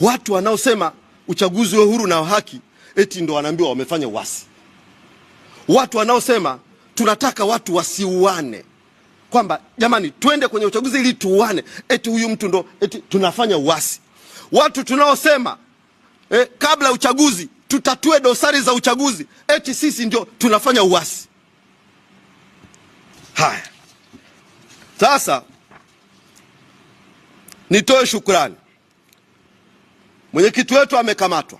Watu wanaosema uchaguzi wa huru na haki eti ndo wanaambiwa wamefanya uasi. Watu wanaosema tunataka watu wasiuane, kwamba jamani, twende kwenye uchaguzi ili tuuane, eti huyu mtu ndo eti tunafanya uasi. Watu tunaosema eh, kabla ya uchaguzi tutatue dosari za uchaguzi, eti sisi ndio tunafanya uasi. Haya, sasa nitoe shukrani Mwenyekiti wetu amekamatwa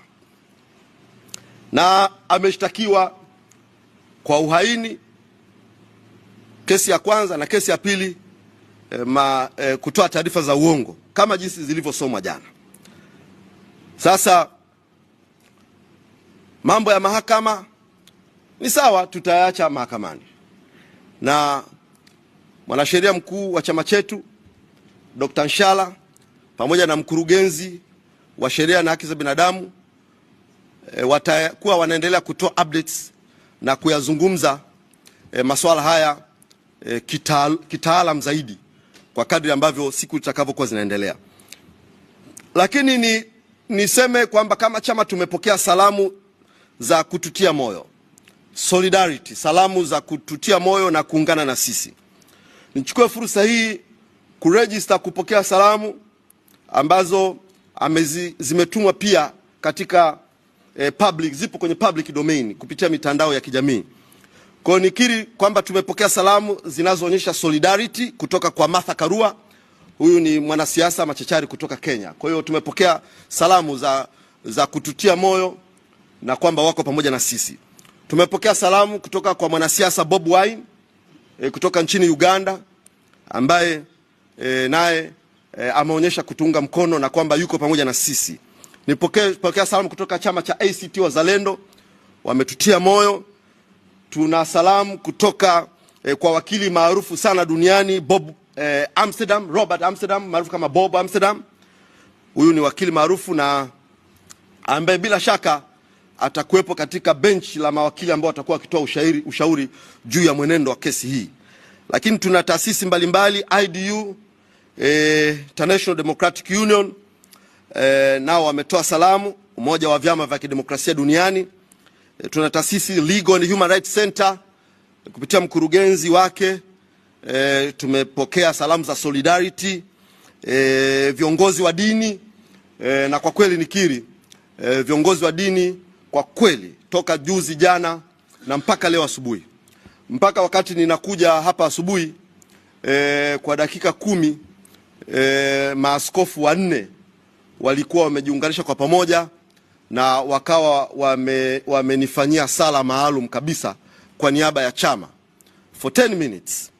na ameshtakiwa kwa uhaini, kesi ya kwanza na kesi ya pili e, ma, e, kutoa taarifa za uongo kama jinsi zilivyosomwa jana. Sasa mambo ya mahakama ni sawa, tutayaacha mahakamani na mwanasheria mkuu wa chama chetu Dr. Nshala pamoja na mkurugenzi wa sheria na haki za binadamu e, watakuwa wanaendelea kutoa updates na kuyazungumza e, masuala haya e, kitaalam kita zaidi kwa kadri ambavyo siku zitakavyokuwa zinaendelea. Lakini ni niseme kwamba kama chama tumepokea salamu za kututia moyo solidarity, salamu za kututia moyo na kuungana na sisi. Nichukue fursa hii kuregister kupokea salamu ambazo amezi, zimetumwa pia katika eh, public, zipo kwenye public domain kupitia mitandao ya kijamii. Kwa hiyo nikiri kwamba tumepokea salamu zinazoonyesha solidarity kutoka kwa Martha Karua, huyu ni mwanasiasa machachari kutoka Kenya. Kwa hiyo tumepokea salamu za, za kututia moyo na kwamba wako pamoja na sisi. Tumepokea salamu kutoka kwa mwanasiasa Bob Wine eh, kutoka nchini Uganda ambaye eh, naye eh, ameonyesha kutuunga mkono na kwamba yuko pamoja na sisi. Nipokea salamu kutoka chama cha ACT Wazalendo, wametutia moyo. Tuna salamu kutoka eh, kwa wakili maarufu sana duniani Bob eh, Amsterdam, Robert Amsterdam maarufu kama Bob Amsterdam. Huyu ni wakili maarufu na ambaye bila shaka atakuwepo katika benchi la mawakili ambao watakuwa wakitoa ushauri, ushauri juu ya mwenendo wa kesi hii. Lakini tuna taasisi mbalimbali IDU E, International Democratic Union e, nao wametoa salamu, umoja wa vyama vya kidemokrasia duniani e, tuna taasisi Legal and Human Rights Center e, kupitia mkurugenzi wake e, tumepokea salamu za solidarity e, viongozi wa dini e, na kwa kweli nikiri e, viongozi wa dini kwa kweli toka juzi jana na mpaka leo asubuhi mpaka wakati ninakuja hapa asubuhi e, kwa dakika kumi e, maaskofu wanne walikuwa wamejiunganisha kwa pamoja na wakawa wame, wamenifanyia sala maalum kabisa kwa niaba ya chama for 10 minutes.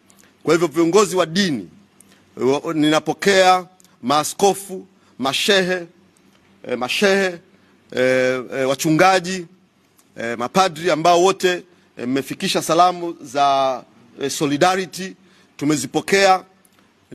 Kwa hivyo viongozi wa dini e, ninapokea maaskofu, mashehe, e, mashehe e, e, wachungaji e, mapadri ambao wote e, mmefikisha e, salamu za e, solidarity tumezipokea.